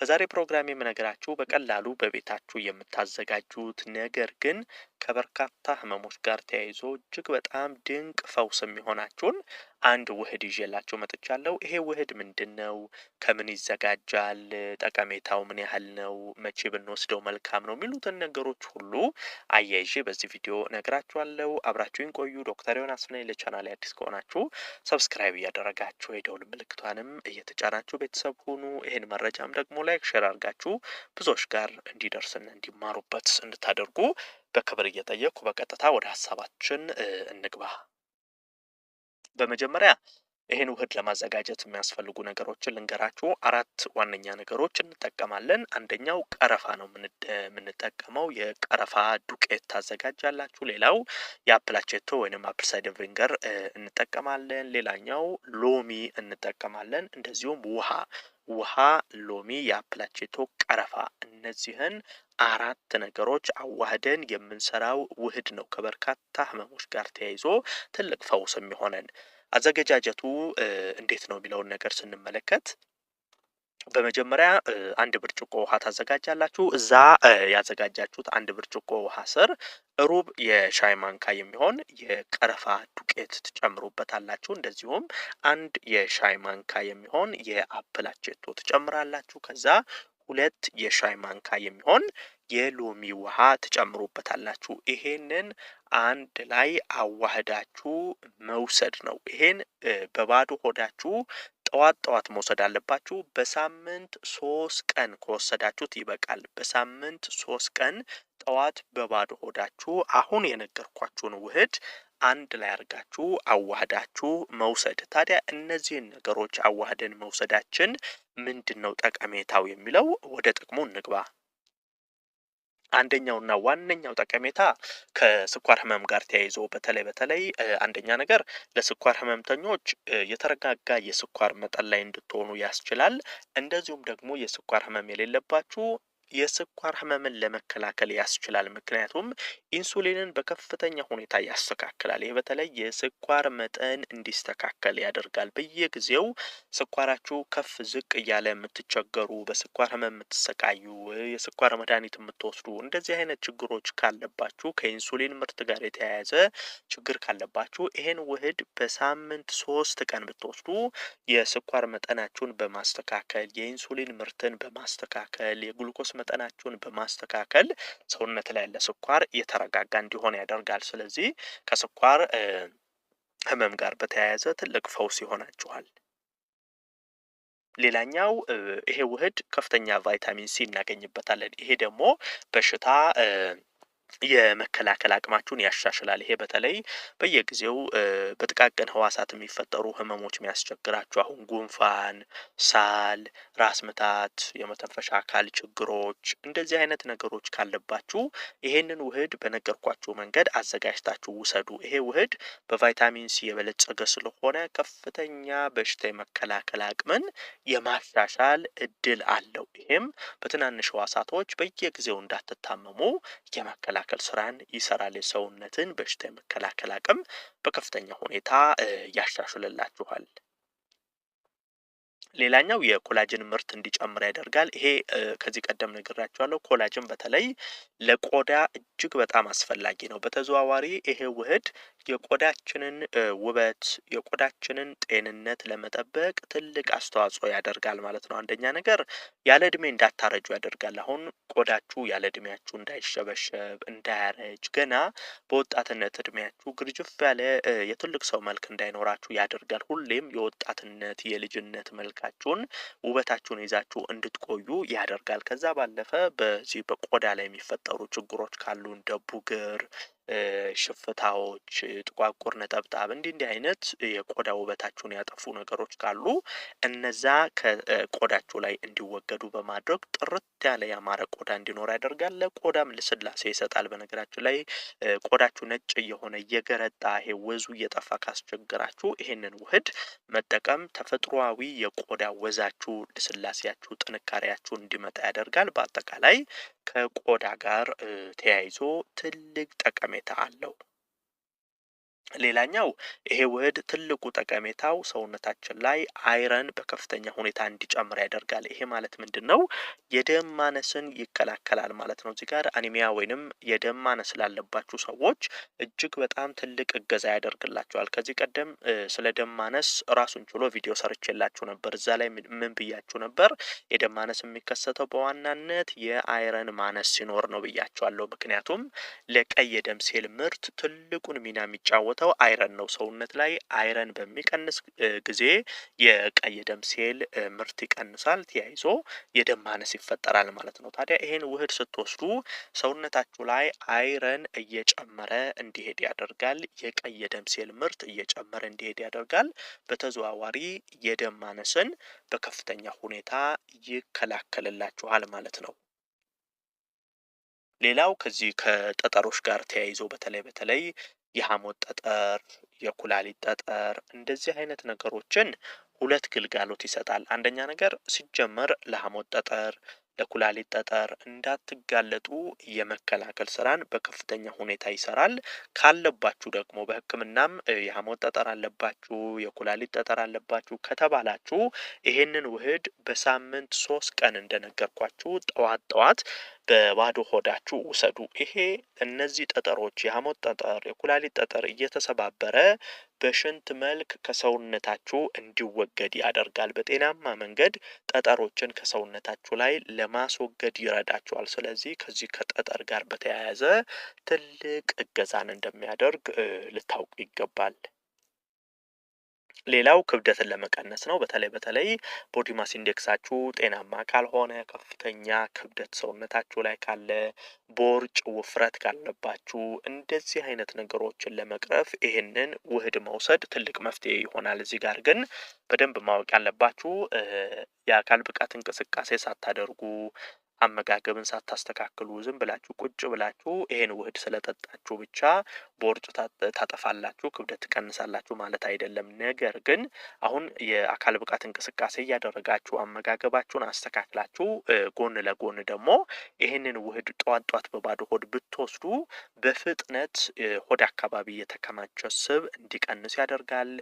በዛሬ ፕሮግራም የምነግራችሁ በቀላሉ በቤታችሁ የምታዘጋጁት ነገር ግን ከበርካታ ህመሞች ጋር ተያይዞ እጅግ በጣም ድንቅ ፈውስ የሚሆናችሁን አንድ ውህድ ይዤላችሁ መጥቻለሁ። ይሄ ውህድ ምንድን ነው? ከምን ይዘጋጃል? ጠቀሜታው ምን ያህል ነው? መቼ ብንወስደው መልካም ነው? የሚሉትን ነገሮች ሁሉ አያይዤ በዚህ ቪዲዮ ነግራችኋለሁ። አብራችሁን ቆዩ። ዶክተር ዮናስ ነኝ። ለቻናል አዲስ ከሆናችሁ ሰብስክራይብ እያደረጋችሁ የደውል ምልክቷንም እየተጫናችሁ ቤተሰብ ሁኑ። ይህን መረጃም ደግሞ ላይክ ሼር አድርጋችሁ ብዙዎች ጋር እንዲደርስና እንዲማሩበት እንድታደርጉ በክብር እየጠየቅኩ በቀጥታ ወደ ሀሳባችን እንግባ። በመጀመሪያ ይህን ውህድ ለማዘጋጀት የሚያስፈልጉ ነገሮችን ልንገራችሁ። አራት ዋነኛ ነገሮች እንጠቀማለን። አንደኛው ቀረፋ ነው የምንጠቀመው። የቀረፋ ዱቄት ታዘጋጃላችሁ። ሌላው የአፕላቼቶ ወይንም አፕል ሳይደር ቪንገር እንጠቀማለን። ሌላኛው ሎሚ እንጠቀማለን። እንደዚሁም ውሃ ውሃ፣ ሎሚ፣ የአፕላቼቶ፣ ቀረፋ እነዚህን አራት ነገሮች አዋህደን የምንሰራው ውህድ ነው። ከበርካታ ህመሞች ጋር ተያይዞ ትልቅ ፈውስ የሚሆነን። አዘገጃጀቱ እንዴት ነው የሚለውን ነገር ስንመለከት በመጀመሪያ አንድ ብርጭቆ ውሃ ታዘጋጃላችሁ። እዛ ያዘጋጃችሁት አንድ ብርጭቆ ውሃ ስር ሩብ የሻይ ማንካ የሚሆን የቀረፋ ዱቄት ትጨምሩበታላችሁ። እንደዚሁም አንድ የሻይ ማንካ የሚሆን የአፕል አቼቶ ትጨምራላችሁ። ከዛ ሁለት የሻይ ማንካ የሚሆን የሎሚ ውሃ ትጨምሩበታላችሁ። ይሄንን አንድ ላይ አዋህዳችሁ መውሰድ ነው። ይሄን በባዶ ሆዳችሁ ጠዋት ጠዋት መውሰድ አለባችሁ። በሳምንት ሶስት ቀን ከወሰዳችሁት ይበቃል። በሳምንት ሶስት ቀን ጠዋት በባዶ ሆዳችሁ አሁን የነገርኳችሁን ውህድ አንድ ላይ አድርጋችሁ አዋህዳችሁ መውሰድ። ታዲያ እነዚህን ነገሮች አዋህደን መውሰዳችን ምንድን ነው ጠቀሜታው የሚለው ወደ ጥቅሙ እንግባ። አንደኛውና ዋነኛው ጠቀሜታ ከስኳር ህመም ጋር ተያይዞ በተለይ በተለይ አንደኛ ነገር ለስኳር ህመምተኞች የተረጋጋ የስኳር መጠን ላይ እንድትሆኑ ያስችላል። እንደዚሁም ደግሞ የስኳር ህመም የሌለባችሁ የስኳር ህመምን ለመከላከል ያስችላል። ምክንያቱም ኢንሱሊንን በከፍተኛ ሁኔታ ያስተካክላል። ይህ በተለይ የስኳር መጠን እንዲስተካከል ያደርጋል። በየጊዜው ስኳራችሁ ከፍ ዝቅ እያለ የምትቸገሩ፣ በስኳር ህመም የምትሰቃዩ፣ የስኳር መድኃኒት የምትወስዱ እንደዚህ አይነት ችግሮች ካለባችሁ፣ ከኢንሱሊን ምርት ጋር የተያያዘ ችግር ካለባችሁ ይሄን ውህድ በሳምንት ሶስት ቀን ብትወስዱ የስኳር መጠናችሁን በማስተካከል የኢንሱሊን ምርትን በማስተካከል የግሉኮስ መጠናችሁን በማስተካከል ሰውነት ላይ ያለ ስኳር እየተረጋጋ እንዲሆን ያደርጋል። ስለዚህ ከስኳር ህመም ጋር በተያያዘ ትልቅ ፈውስ ይሆናችኋል። ሌላኛው ይሄ ውህድ ከፍተኛ ቫይታሚን ሲ እናገኝበታለን። ይሄ ደግሞ በሽታ የመከላከል አቅማችሁን ያሻሽላል። ይሄ በተለይ በየጊዜው በጥቃቅን ህዋሳት የሚፈጠሩ ህመሞች የሚያስቸግራችሁ አሁን ጉንፋን፣ ሳል፣ ራስ ምታት፣ የመተንፈሻ አካል ችግሮች እንደዚህ አይነት ነገሮች ካለባችሁ ይሄንን ውህድ በነገርኳችሁ መንገድ አዘጋጅታችሁ ውሰዱ። ይሄ ውህድ በቫይታሚን ሲ የበለጸገ ስለሆነ ከፍተኛ በሽታ የመከላከል አቅምን የማሻሻል እድል አለው። ይሄም በትናንሽ ህዋሳቶች በየጊዜው እንዳትታመሙ የመከላከል የመከላከል ስራን ይሰራል። የሰውነትን በሽታ የመከላከል አቅም በከፍተኛ ሁኔታ ያሻሽልላችኋል። ሌላኛው የኮላጅን ምርት እንዲጨምር ያደርጋል። ይሄ ከዚህ ቀደም ነግራችኋለሁ። ኮላጅን በተለይ ለቆዳ እጅግ በጣም አስፈላጊ ነው። በተዘዋዋሪ ይሄ ውህድ የቆዳችንን ውበት የቆዳችንን ጤንነት ለመጠበቅ ትልቅ አስተዋጽኦ ያደርጋል ማለት ነው። አንደኛ ነገር ያለ እድሜ እንዳታረጁ ያደርጋል። አሁን ቆዳችሁ ያለ እድሜያችሁ እንዳይሸበሸብ እንዳያረጅ፣ ገና በወጣትነት እድሜያችሁ ግርጅፍ ያለ የትልቅ ሰው መልክ እንዳይኖራችሁ ያደርጋል። ሁሌም የወጣትነት የልጅነት መልካችሁን ውበታችሁን ይዛችሁ እንድትቆዩ ያደርጋል። ከዛ ባለፈ በዚህ በቆዳ ላይ የሚፈጠሩ ችግሮች ካሉ እንደ ቡግር ሽፍታዎች፣ ጥቋቁር ነጠብጣብ እንዲህ እንዲህ አይነት የቆዳ ውበታችሁን ያጠፉ ነገሮች ካሉ እነዛ ከቆዳችሁ ላይ እንዲወገዱ በማድረግ ጥርት ያለ ያማረ ቆዳ እንዲኖር ያደርጋል። ለቆዳም ልስላሴ ይሰጣል። በነገራችን ላይ ቆዳችሁ ነጭ እየሆነ እየገረጣ ይሄ ወዙ እየጠፋ ካስቸግራችሁ ይሄንን ውህድ መጠቀም ተፈጥሯዊ የቆዳ ወዛችሁ፣ ልስላሴያችሁ፣ ጥንካሬያችሁ እንዲመጣ ያደርጋል። በአጠቃላይ ከቆዳ ጋር ተያይዞ ትልቅ ጠቀሜታ አለው። ሌላኛው ይሄ ውህድ ትልቁ ጠቀሜታው ሰውነታችን ላይ አይረን በከፍተኛ ሁኔታ እንዲጨምር ያደርጋል። ይሄ ማለት ምንድን ነው? የደም ማነስን ይከላከላል ማለት ነው። እዚህ ጋር አኒሚያ ወይንም የደም ማነስ ላለባችሁ ሰዎች እጅግ በጣም ትልቅ እገዛ ያደርግላቸዋል። ከዚህ ቀደም ስለ ደም ማነስ ራሱን ችሎ ቪዲዮ ሰርቼላችሁ ነበር። እዛ ላይ ምን ብያችሁ ነበር? የደም ማነስ የሚከሰተው በዋናነት የአይረን ማነስ ሲኖር ነው ብያቸዋለሁ። ምክንያቱም ለቀይ የደም ሴል ምርት ትልቁን ሚና የሚጫወት ቦታው አይረን ነው። ሰውነት ላይ አይረን በሚቀንስ ጊዜ የቀይ ደም ሴል ምርት ይቀንሳል፣ ተያይዞ የደም ማነስ ይፈጠራል ማለት ነው። ታዲያ ይሄን ውህድ ስትወስዱ ሰውነታችሁ ላይ አይረን እየጨመረ እንዲሄድ ያደርጋል። የቀይ ደም ሴል ምርት እየጨመረ እንዲሄድ ያደርጋል። በተዘዋዋሪ የደም ማነስን በከፍተኛ ሁኔታ ይከላከልላችኋል ማለት ነው። ሌላው ከዚህ ከጠጠሮች ጋር ተያይዞ በተለይ በተለይ የሐሞት ጠጠር፣ የኩላሊት ጠጠር እንደዚህ አይነት ነገሮችን ሁለት ግልጋሎት ይሰጣል። አንደኛ ነገር ሲጀመር ለሐሞት ጠጠር ለኩላሊት ጠጠር እንዳትጋለጡ የመከላከል ስራን በከፍተኛ ሁኔታ ይሰራል። ካለባችሁ ደግሞ በሕክምናም የሐሞት ጠጠር አለባችሁ፣ የኩላሊት ጠጠር አለባችሁ ከተባላችሁ ይሄንን ውህድ በሳምንት ሶስት ቀን እንደነገርኳችሁ ጠዋት ጠዋት በባዶ ሆዳችሁ ውሰዱ። ይሄ እነዚህ ጠጠሮች የሐሞት ጠጠር፣ የኩላሊት ጠጠር እየተሰባበረ በሽንት መልክ ከሰውነታችሁ እንዲወገድ ያደርጋል። በጤናማ መንገድ ጠጠሮችን ከሰውነታችሁ ላይ ለማስወገድ ይረዳችኋል። ስለዚህ ከዚህ ከጠጠር ጋር በተያያዘ ትልቅ እገዛን እንደሚያደርግ ልታውቁ ይገባል። ሌላው ክብደትን ለመቀነስ ነው። በተለይ በተለይ ማስ ኢንዴክሳችሁ ጤናማ ካልሆነ ከፍተኛ ክብደት ሰውነታችሁ ላይ ካለ፣ ቦርጭ፣ ውፍረት ካለባችሁ እንደዚህ አይነት ነገሮችን ለመቅረፍ ይህንን ውህድ መውሰድ ትልቅ መፍትሄ ይሆናል። እዚህ ጋር ግን በደንብ ማወቅ ያለባችሁ የአካል ብቃት እንቅስቃሴ ሳታደርጉ አመጋገብን ሳታስተካክሉ ዝም ብላችሁ ቁጭ ብላችሁ ይሄን ውህድ ስለጠጣችሁ ብቻ በወርጭ ታጠፋላችሁ፣ ክብደት ትቀንሳላችሁ ማለት አይደለም። ነገር ግን አሁን የአካል ብቃት እንቅስቃሴ እያደረጋችሁ አመጋገባችሁን አስተካክላችሁ ጎን ለጎን ደግሞ ይህንን ውህድ ጠዋት ጠዋት በባዶ ሆድ ብትወስዱ በፍጥነት ሆድ አካባቢ የተከማቸ ስብ እንዲቀንስ ያደርጋል።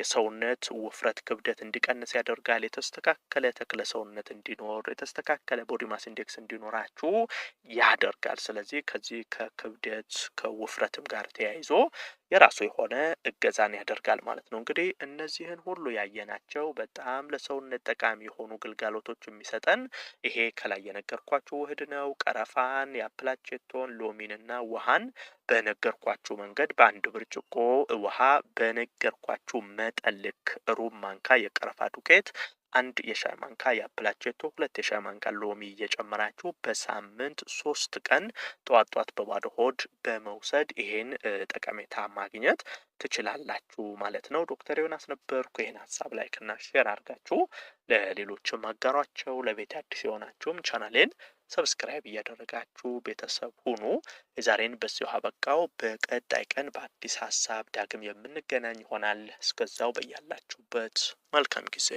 የሰውነት ውፍረት ክብደት እንዲቀንስ ያደርጋል። የተስተካከለ ተክለ ሰውነት እንዲኖር የተስተካከለ ቦዲ ማስ ኢንዴክስ እንዲኖራችሁ ያደርጋል። ስለዚህ ከዚህ ከክብደት ከውፍረትም ጋር ጋር ተያይዞ የራሱ የሆነ እገዛን ያደርጋል ማለት ነው። እንግዲህ እነዚህን ሁሉ ያየናቸው በጣም ለሰውነት ጠቃሚ የሆኑ ግልጋሎቶች የሚሰጠን ይሄ ከላይ የነገርኳችሁ ውህድ ነው። ቀረፋን፣ የአፕላቼቶን፣ ሎሚን ሎሚንና ውሃን በነገርኳችሁ መንገድ በአንድ ብርጭቆ ውሃ በነገርኳችሁ መጠን ልክ ሩብ ማንካ የቀረፋ ዱቄት አንድ የሻይ ማንካ የአፕል አቼቶ፣ ሁለት የሻይ ማንካ ሎሚ እየጨመራችሁ በሳምንት ሶስት ቀን ጠዋት ጠዋት በባዶ ሆድ በመውሰድ ይሄን ጠቀሜታ ማግኘት ትችላላችሁ ማለት ነው። ዶክተር ዮናስ ነበርኩ። ይህን ሀሳብ ላይክና ሼር አድርጋችሁ ለሌሎችም አጋሯቸው። ለቤት አዲስ የሆናችሁም ቻናሌን ሰብስክራይብ እያደረጋችሁ ቤተሰብ ሁኑ። የዛሬን በዚሁ አበቃው። በቀጣይ ቀን በአዲስ ሀሳብ ዳግም የምንገናኝ ይሆናል። እስከዛው በያላችሁበት መልካም ጊዜ